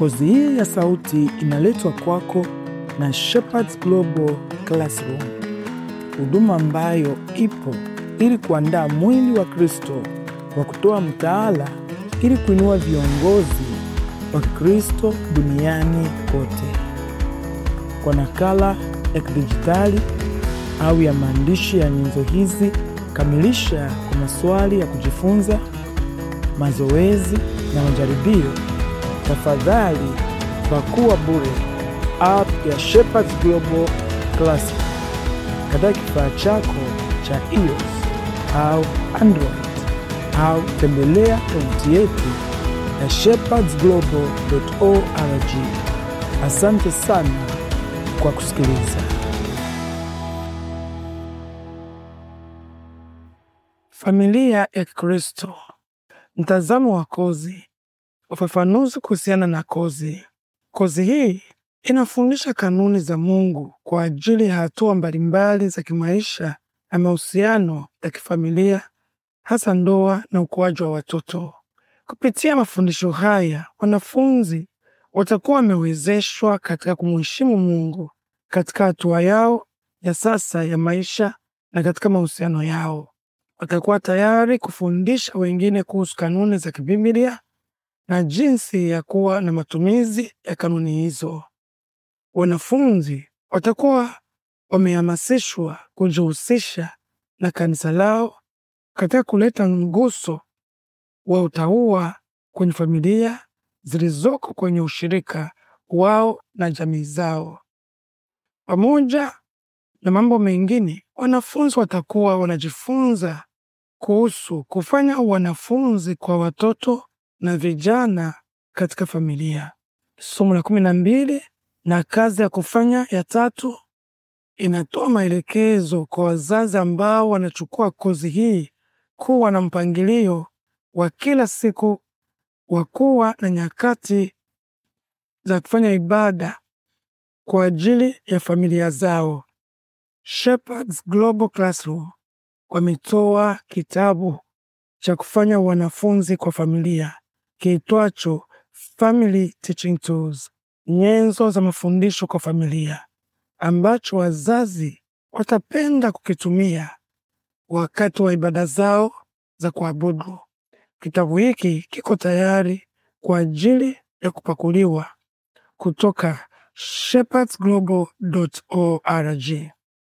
Kozi hii ya sauti inaletwa kwako na Shepherds Global Classroom, huduma ambayo ipo ili kuandaa mwili wa Kristo kwa kutoa mtaala ili kuinua viongozi wa Kristo duniani kote. Kwa nakala ya kidijitali au ya maandishi ya nyenzo hizi, kamilisha kwa maswali ya kujifunza, mazoezi na majaribio tafadhali pakuwa bure app ya Shepherds Global Classic katika kifaa chako cha iOS au Android au tembelea tovuti yetu ya shepherdsglobal.org. Asante sana kwa kusikiliza. Familia ya Kristo, mtazamo wa kozi Ufafanuzi kuhusiana na kozi. Kozi hii inafundisha kanuni za Mungu kwa ajili ya hatua mbalimbali za kimaisha na mahusiano ya kifamilia, hasa ndoa na ukuaji wa watoto. Kupitia mafundisho haya, wanafunzi watakuwa wamewezeshwa katika kumheshimu Mungu katika hatua yao ya sasa ya maisha na katika mahusiano yao. Watakuwa tayari kufundisha wengine kuhusu kanuni za kibiblia na jinsi ya kuwa na matumizi ya kanuni hizo. Wanafunzi watakuwa wamehamasishwa kujihusisha na kanisa lao katika kuleta mguso wa utaua kwenye familia zilizoko kwenye ushirika wao na jamii zao. Pamoja na mambo mengine, wanafunzi watakuwa wanajifunza kuhusu kufanya wanafunzi kwa watoto na vijana katika familia. Somo la kumi na mbili na kazi ya kufanya ya tatu inatoa maelekezo kwa wazazi ambao wanachukua kozi hii kuwa na mpangilio wa kila siku wa kuwa na nyakati za kufanya ibada kwa ajili ya familia zao. Shepherds Global Classroom wametoa kitabu cha kufanya wanafunzi kwa familia kiitwacho Family Teaching Tools, nyenzo za mafundisho kwa familia, ambacho wazazi watapenda kukitumia wakati wa ibada zao za kuabudu. Kitabu hiki kiko tayari kwa ajili ya kupakuliwa kutoka shepherdsglobal.org.